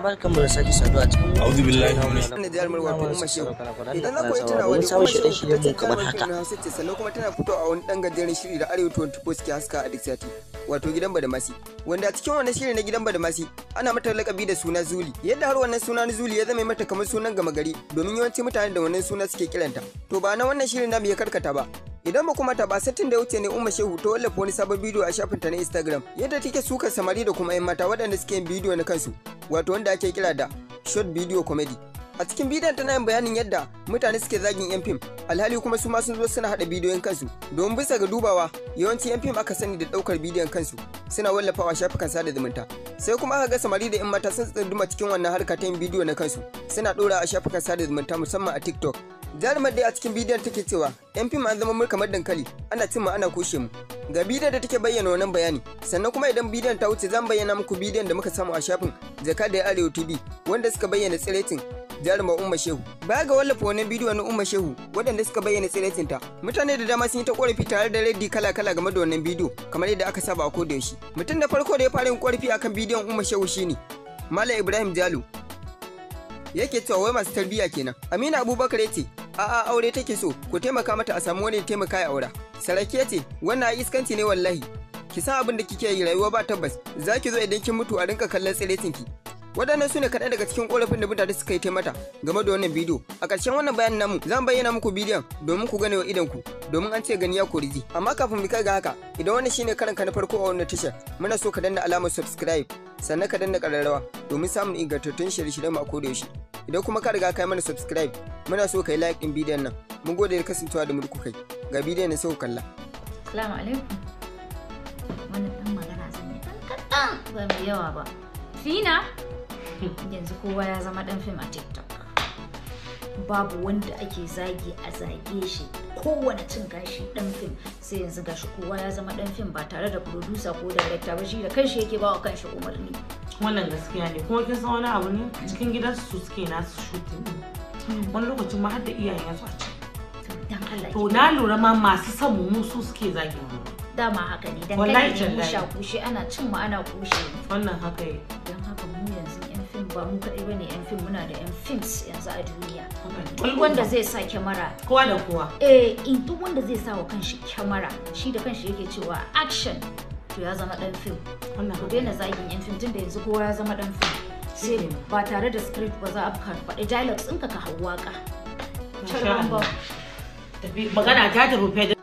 barkan wato tana fito a wani dan gajeren shiri da arewa 24 suke haska a dixati wato gidan badamasi wanda a cikin wannan shiri na gidan badamasi ana mata lakabi da suna zuli yadda har wannan suna zuli ya zama mata kamar sunan gama gari domin yawanci mutane da wannan suna suke kiranta to ba na wannan shirin namu ya karkata ba idan ba kuma ta ba satin da wuce ne umma shehu ta wallafa wani sabon bidiyo a shafinta na instagram yadda take sukar samari da kuma yan mata waɗanda suke yin bidiyo na kansu wato wanda ake kira da short video comedy a cikin bidiyon tana yin bayanin yadda mutane suke zagin yan fim alhali kuma su ma sun zo suna hada bidiyon kansu domin bisa ga dubawa yawanci yan fim aka sani da daukar bidiyon kansu suna wallafawa shafukan sada zumunta sai kuma aka ga samari da yan mata sun tsunduma cikin wannan harka ta yin bidiyo na kansu suna ɗora a shafukan sada zumunta musamman a tiktok jarumar dai a cikin bidiyon take cewa yan fim an zama mu kamar dankali ana cin ana kushe mu ga bidiyon da take bayyana wannan bayani sannan kuma idan bidiyon ta wuce zan bayyana muku bidiyon da muka samu a shafin jakadiyar arewa tv wanda suka bayyana tsiretin jarumar umma shehu baya ga wallafa wannan bidiyo na umma shehu waɗanda suka bayyana tsiretin ta mutane da dama sun yi ta korafi tare da reddi kala kala game da wannan bidiyo kamar yadda aka saba a koda yaushe mutum da farko da ya fara yin korafi akan bidiyon umma shehu shine malam ibrahim jalo yake cewa wai masu tarbiyya kenan amina abubakar ya ce a'a aure take so ku taimaka mata a samu wani taimaka ya aura sarake ce wannan iskanci ne wallahi ki san abin da kike yi rayuwa ba tabbas zaki zo idan kin mutu a rinka kallon tsiretinki. waɗannan su ne kaɗan daga cikin ƙorafin da mutane suka yi mata game da wannan bidiyo a ƙarshen wannan bayanin namu zan bayyana muku bidiyon domin ku gane wa idan ku domin an ce gani ya koriji amma kafin mu kai ga haka idan wannan shine karan ka na farko a wannan tashar muna so ka danna alamar subscribe sannan ka danna ƙararrawa domin samun ingantattun shirye-shiryen mu a koda yaushe idan kuma ka riga kai mana subscribe muna so ka yi like ɗin bidiyon nan mun gode da kasancewa da mu kai ga bidiyon na ku kalla assalamu alaikum wannan ɗan magana zan yi kankan ba yawa ba Fina yanzu kowa ya zama dan fim a tiktok babu wanda ake zagi a zage shi kowane cin gashi dan fim sai yanzu gashi kowa ya zama dan fim ba tare da producer ko director ba shi da kanshi yake ba wa kanshi umarni wannan gaskiya ne kuma kin san wani abu ne cikin gidansu su suke nasu shooting hmm. wani lokacin ma har da iyayen su a ci to na lura ma masu son mu su suke zagi mu dama haka ne dan kai ne mu sha kushe ana cin mu ana kushe wannan haka ne. dan haka mu ba mu kaɗai ba ne 'yan fim muna da 'yan films yanzu a duniya duk wanda zai sa kyamara kowa da kowa eh in duk wanda zai sa wa kanshi kyamara shi da kanshi yake cewa action to ya zama dan fim ku daina zagin 'yan fim tunda yanzu kowa ya zama dan fim sai ba tare da script ba za a faɗi dialogues ɗinka ka hau waka. Magana ta tafi